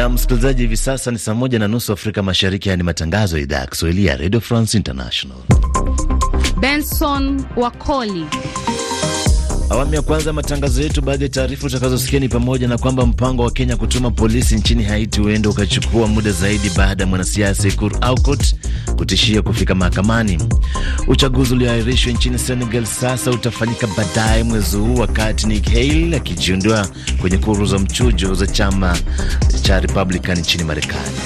Na msikilizaji, hivi sasa ni saa moja na nusu Afrika Mashariki. Haya ni matangazo ya idhaa ya Kiswahili ya Radio France International. Benson Wakoli awamu ya kwanza ya matangazo yetu. Baadhi ya taarifa utakazosikia ni pamoja na kwamba mpango wa Kenya kutuma polisi nchini Haiti huenda ukachukua muda zaidi baada ya mwanasiasa Sekur Aukot kutishia kufika mahakamani. Uchaguzi ulioahirishwa nchini Senegal sasa utafanyika baadaye mwezi huu, wakati Nikki Haley akijiundua kwenye kuru za mchujo za chama cha Republican nchini Marekani.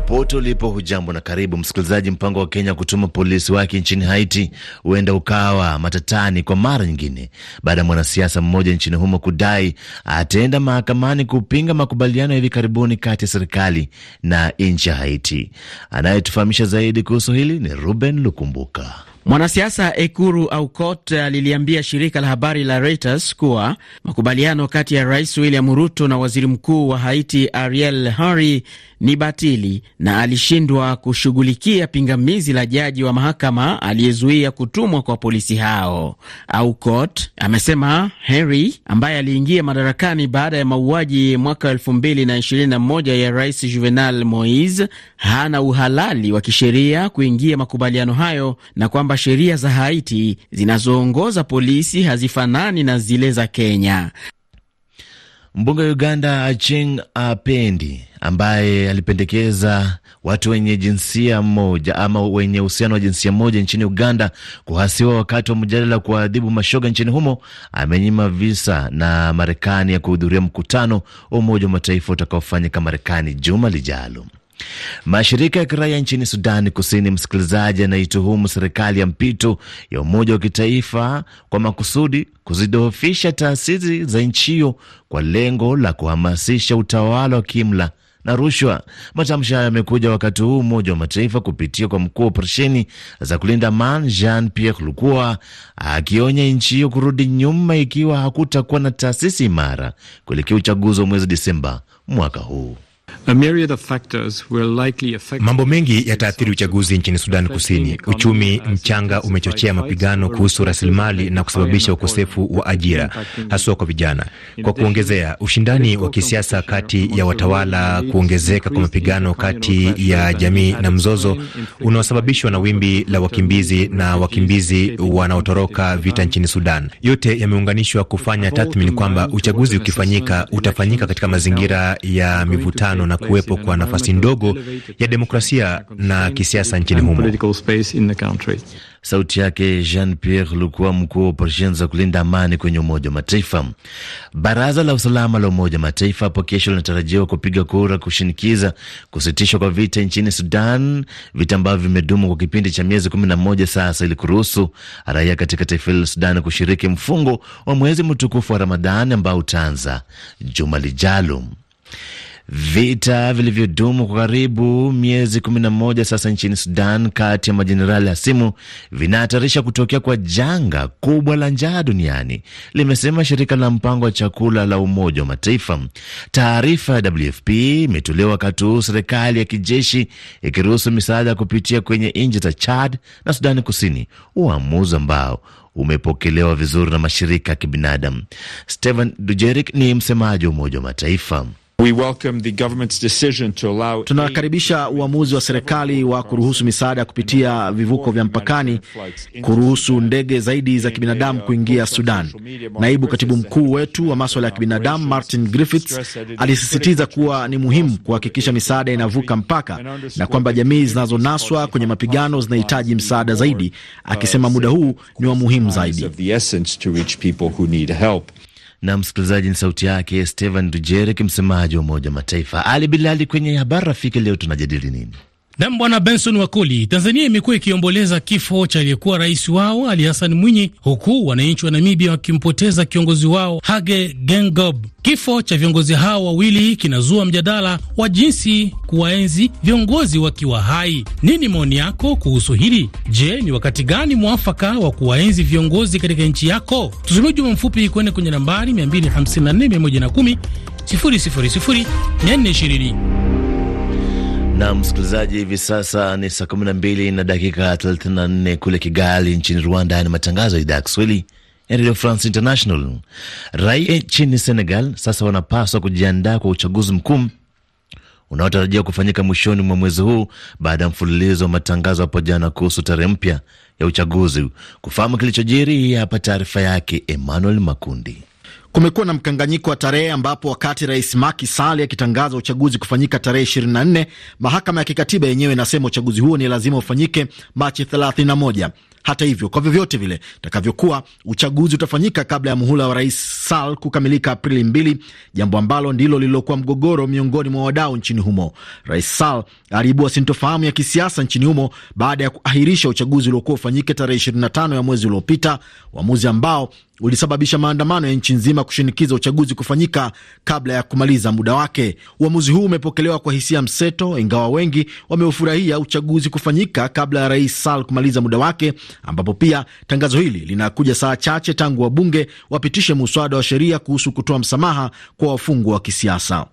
Popote ulipo hujambo na karibu msikilizaji. Mpango wa Kenya kutuma polisi wake nchini Haiti huenda ukawa matatani kwa mara nyingine baada ya mwanasiasa mmoja nchini humo kudai ataenda mahakamani kupinga makubaliano ya hivi karibuni kati ya serikali na nchi ya Haiti. Anayetufahamisha zaidi kuhusu hili ni Ruben Lukumbuka. Mwanasiasa Ekuru Aukot aliliambia shirika la habari la Reuters kuwa makubaliano kati ya Rais William Ruto na Waziri Mkuu wa Haiti Ariel Henry ni batili na alishindwa kushughulikia pingamizi la jaji wa mahakama aliyezuia kutumwa kwa polisi hao. Aukot amesema Henry ambaye aliingia madarakani baada ya mauaji mwaka 2021 ya rais Juvenal Moise hana uhalali wa kisheria kuingia makubaliano hayo na kwamba sheria za Haiti zinazoongoza polisi hazifanani na zile za Kenya. Mbunge wa Uganda Acheng Apendi ambaye alipendekeza watu wenye jinsia moja ama wenye uhusiano wa jinsia moja nchini Uganda kuhasiwa wakati wa mjadala kuadhibu mashoga nchini humo, amenyima visa na Marekani ya kuhudhuria mkutano wa Umoja wa Mataifa utakaofanyika Marekani juma lijalo. Mashirika ya kiraia nchini Sudani Kusini, msikilizaji, anaituhumu serikali ya mpito ya umoja wa kitaifa kwa makusudi kuzidhoofisha taasisi za nchi hiyo kwa lengo la kuhamasisha utawala wa kiimla na rushwa. Matamshi hayo yamekuja wakati huu Umoja wa Mataifa kupitia kwa mkuu wa operesheni za kulinda amani Jean Pierre Lukua akionya nchi hiyo kurudi nyuma ikiwa hakutakuwa na taasisi imara kuelekea uchaguzi wa mwezi disemba mwaka huu. Mambo mengi yataathiri uchaguzi nchini Sudan Kusini. Uchumi mchanga umechochea mapigano kuhusu rasilimali na kusababisha ukosefu wa ajira, haswa kwa vijana. Kwa kuongezea, ushindani wa kisiasa kati ya watawala, kuongezeka kwa mapigano kati ya jamii na mzozo unaosababishwa na wimbi la wakimbizi na wakimbizi wanaotoroka vita nchini Sudan, yote yameunganishwa kufanya tathmini kwamba uchaguzi ukifanyika utafanyika katika mazingira ya mivutano mapambano na kuwepo kwa nafasi ndogo ya demokrasia na kisiasa nchini humo. Sauti yake Jean Pierre Lukua, mkuu wa operesheni za kulinda amani kwenye Umoja wa Mataifa. Baraza la Usalama la Umoja wa Mataifa hapo kesho linatarajiwa kupiga kura kushinikiza kusitishwa kwa vita nchini Sudan, vita ambavyo vimedumu kwa kipindi cha miezi kumi na moja sasa, ili kuruhusu raia katika taifa hilo Sudan kushiriki mfungo wa mwezi mtukufu wa Ramadhani ambao utaanza juma lijalo. Vita vilivyodumu kwa karibu miezi 11 sasa nchini Sudan kati ya majenerali hasimu vinahatarisha kutokea kwa janga kubwa la njaa duniani, limesema shirika la mpango wa chakula la Umoja wa Mataifa. Taarifa ya WFP imetolewa wakati huu serikali ya kijeshi ikiruhusu misaada kupitia kwenye nchi za Chad na Sudani Kusini, uamuzi ambao umepokelewa vizuri na mashirika ya kibinadamu. Stephane dujerik ni msemaji wa Umoja wa Mataifa. Tunakaribisha uamuzi wa serikali wa kuruhusu misaada kupitia vivuko vya mpakani, kuruhusu ndege zaidi za kibinadamu kuingia Sudan. Naibu katibu mkuu wetu wa maswala ya kibinadamu Martin Griffiths alisisitiza kuwa ni muhimu kuhakikisha misaada inavuka mpaka na kwamba jamii zinazonaswa kwenye mapigano zinahitaji msaada zaidi, akisema muda huu ni wa muhimu zaidi na msikilizaji, ni sauti yake Stephane Dujarric, msemaji wa Umoja Mataifa. Ali Bilali, kwenye habari rafiki leo tunajadili nini? Nam Bwana Benson Wakoli. Tanzania imekuwa ikiomboleza kifo cha aliyekuwa rais wao Ali Hassan Mwinyi, huku wananchi wa Namibia wakimpoteza kiongozi wao Hage Geingob. Kifo cha viongozi hao wawili kinazua mjadala wa jinsi kuwaenzi viongozi wakiwa hai. Nini maoni yako kuhusu hili? Je, ni wakati gani mwafaka wa kuwaenzi viongozi katika nchi yako? Tutumie ujumbe mfupi kwenda kwenye nambari 254 110 000 420. Na msikilizaji, hivi sasa ni saa 12 na dakika 34 kule Kigali nchini Rwanda. Ni matangazo ya idhaa ya Kiswahili ya Radio France International. Raia nchini Senegal sasa wanapaswa kujiandaa kwa uchaguzi mkuu unaotarajiwa kufanyika mwishoni mwa mwezi huu baada ya mfululizo wa matangazo hapo jana kuhusu tarehe mpya ya uchaguzi. Kufahamu kilichojiri, hapa taarifa yake Emmanuel Makundi. Kumekuwa na mkanganyiko wa tarehe ambapo wakati rais Macky Sall akitangaza uchaguzi kufanyika tarehe 24, mahakama ya kikatiba yenyewe inasema uchaguzi huo ni lazima ufanyike Machi 31. Hata hivyo, kwa vyovyote vile takavyokuwa, uchaguzi utafanyika kabla ya muhula wa Rais Sall kukamilika Aprili mbili, jambo ambalo ndilo lililokuwa mgogoro miongoni mwa wadau nchini humo. Rais Sall aliibua sintofahamu ya kisiasa nchini humo baada ya kuahirisha uchaguzi uliokuwa ufanyike tarehe 25 ya mwezi uliopita, uamuzi ambao ulisababisha maandamano ya nchi nzima kushinikiza uchaguzi kufanyika kabla ya kumaliza muda wake. Uamuzi huu umepokelewa kwa hisia mseto, ingawa wengi wameufurahia uchaguzi kufanyika kabla ya Rais Sall kumaliza muda wake, ambapo pia tangazo hili linakuja saa chache tangu wabunge wapitishe muswada wa sheria kuhusu kutoa msamaha kwa wafungwa wa kisiasa.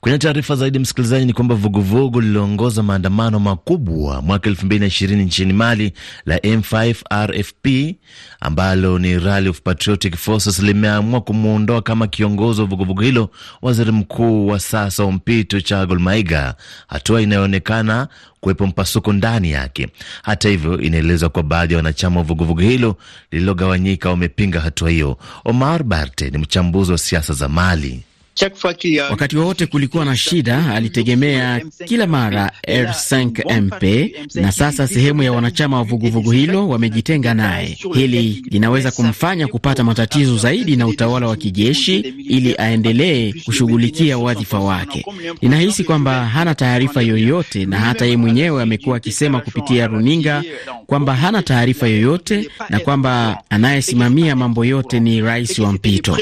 Kwenye taarifa zaidi, msikilizaji, ni kwamba vuguvugu lililoongoza maandamano makubwa mwaka 2020 nchini Mali la M5 RFP ambalo ni Rally of Patriotic Forces limeamua kumwondoa kama kiongozi wa vuguvugu hilo waziri mkuu wa sasa wa mpito Chagol Maiga, hatua inayoonekana kuwepo mpasuko ndani yake. Hata hivyo, inaelezwa kuwa baadhi ya wanachama wa vuguvugu hilo lililogawanyika wamepinga hatua hiyo. Omar Barte ni mchambuzi wa siasa za Mali. Uh, Wakati wowote kulikuwa na shida, alitegemea kila mara R5 MP, na sasa sehemu ya wanachama wa vuguvugu hilo wamejitenga naye. Hili linaweza kumfanya kupata matatizo zaidi na utawala wa kijeshi ili aendelee kushughulikia wadhifa wake. Ninahisi kwamba hana taarifa yoyote, na hata yeye mwenyewe amekuwa akisema kupitia runinga kwamba hana taarifa yoyote na kwamba anayesimamia mambo yote ni rais wa mpito.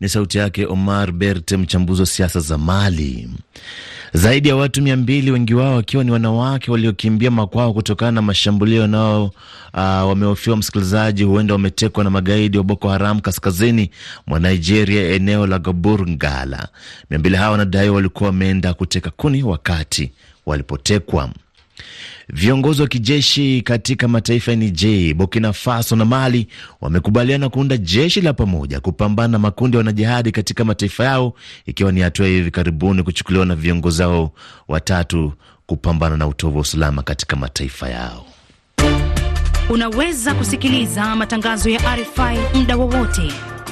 Ni sauti yake Omar Berte, mchambuzi wa siasa za Mali. Zaidi ya watu mia mbili, wengi wao wakiwa ni wanawake waliokimbia makwao kutokana na mashambulio nao, uh, wamehofiwa msikilizaji, huenda wametekwa na magaidi wa Boko Haram kaskazini mwa Nigeria, eneo la Gaburngala. Mia mbili hawa wanadai walikuwa wameenda kuteka kuni wakati walipotekwa Viongozi wa kijeshi katika mataifa ya Niger, Burkina Faso na Mali wamekubaliana kuunda jeshi la pamoja kupambana na makundi ya wanajihadi katika mataifa yao, ikiwa ni hatua ya hivi karibuni kuchukuliwa na viongozi hao watatu kupambana na utovu wa usalama katika mataifa yao. Unaweza kusikiliza matangazo ya RFI muda wowote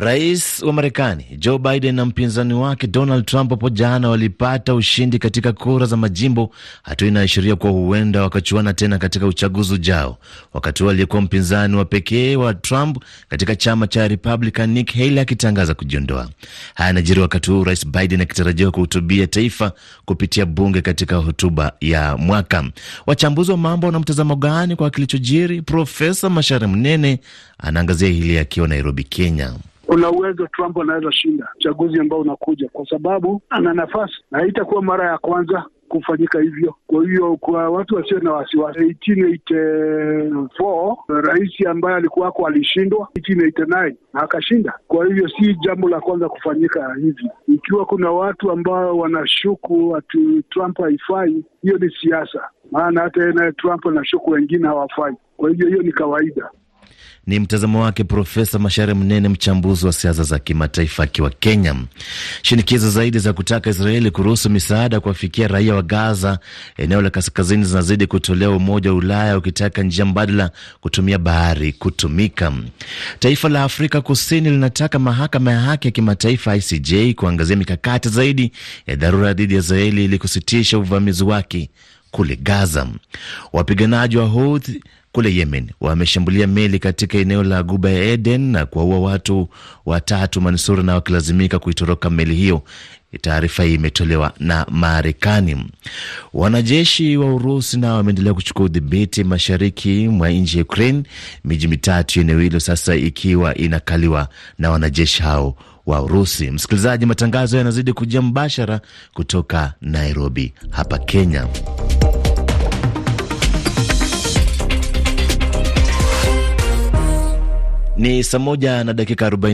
Rais wa Marekani Joe Biden na mpinzani wake Donald Trump hapo jana walipata ushindi katika kura za majimbo, hatua inaashiria kuwa huenda wakachuana tena katika uchaguzi ujao. Wakati huo aliyekuwa mpinzani wa pekee wa Trump katika chama cha Republican Nick Haley akitangaza kujiondoa. Haya anajiri wakati huu Rais Biden akitarajiwa kuhutubia taifa kupitia bunge katika hotuba ya mwaka. Wachambuzi wa mambo wana mtazamo gani kwa kilichojiri? Profesa Mashare Mnene anaangazia hili akiwa Nairobi, Kenya kuna uwezo Trump anaweza shinda uchaguzi ambao unakuja, kwa sababu ana nafasi na haitakuwa mara ya kwanza kufanyika hivyo. Kwa hiyo kwa watu wasio na wasiwasi, 1884 rais ambaye alikuwa ako alishindwa 1889 na akashinda. Kwa hivyo si jambo la kwanza kufanyika hivi. Ikiwa kuna watu ambao wanashuku ati Trump haifai, hiyo ni siasa, maana hata yeye naye Trump anashuku wengine hawafai. Kwa hivyo hiyo ni kawaida. Ni mtazamo wake Profesa mashare Mnene, mchambuzi wa siasa za kimataifa akiwa Kenya. Shinikizo zaidi za kutaka Israeli kuruhusu misaada kuwafikia raia wa Gaza, eneo la kaskazini, zinazidi kutolewa, Umoja wa Ulaya ukitaka njia mbadala kutumia bahari kutumika. Taifa la Afrika Kusini linataka mahakama ya haki ya kimataifa ICJ kuangazia mikakati zaidi ya dharura dhidi ya Israeli ili kusitisha uvamizi wake kule Gaza. Wapiganaji wa Houthi kule Yemen wameshambulia meli katika eneo la Guba ya Eden na kuwaua watu watatu manusura na wakilazimika kuitoroka meli hiyo. Taarifa hii imetolewa na Marekani. Wanajeshi wa Urusi nao wameendelea kuchukua udhibiti mashariki mwa nchi ya Ukraine, miji mitatu eneo hilo sasa ikiwa inakaliwa na wanajeshi hao wa Urusi. Msikilizaji, matangazo yanazidi kujia mbashara kutoka Nairobi hapa Kenya. Ni saa moja na dakika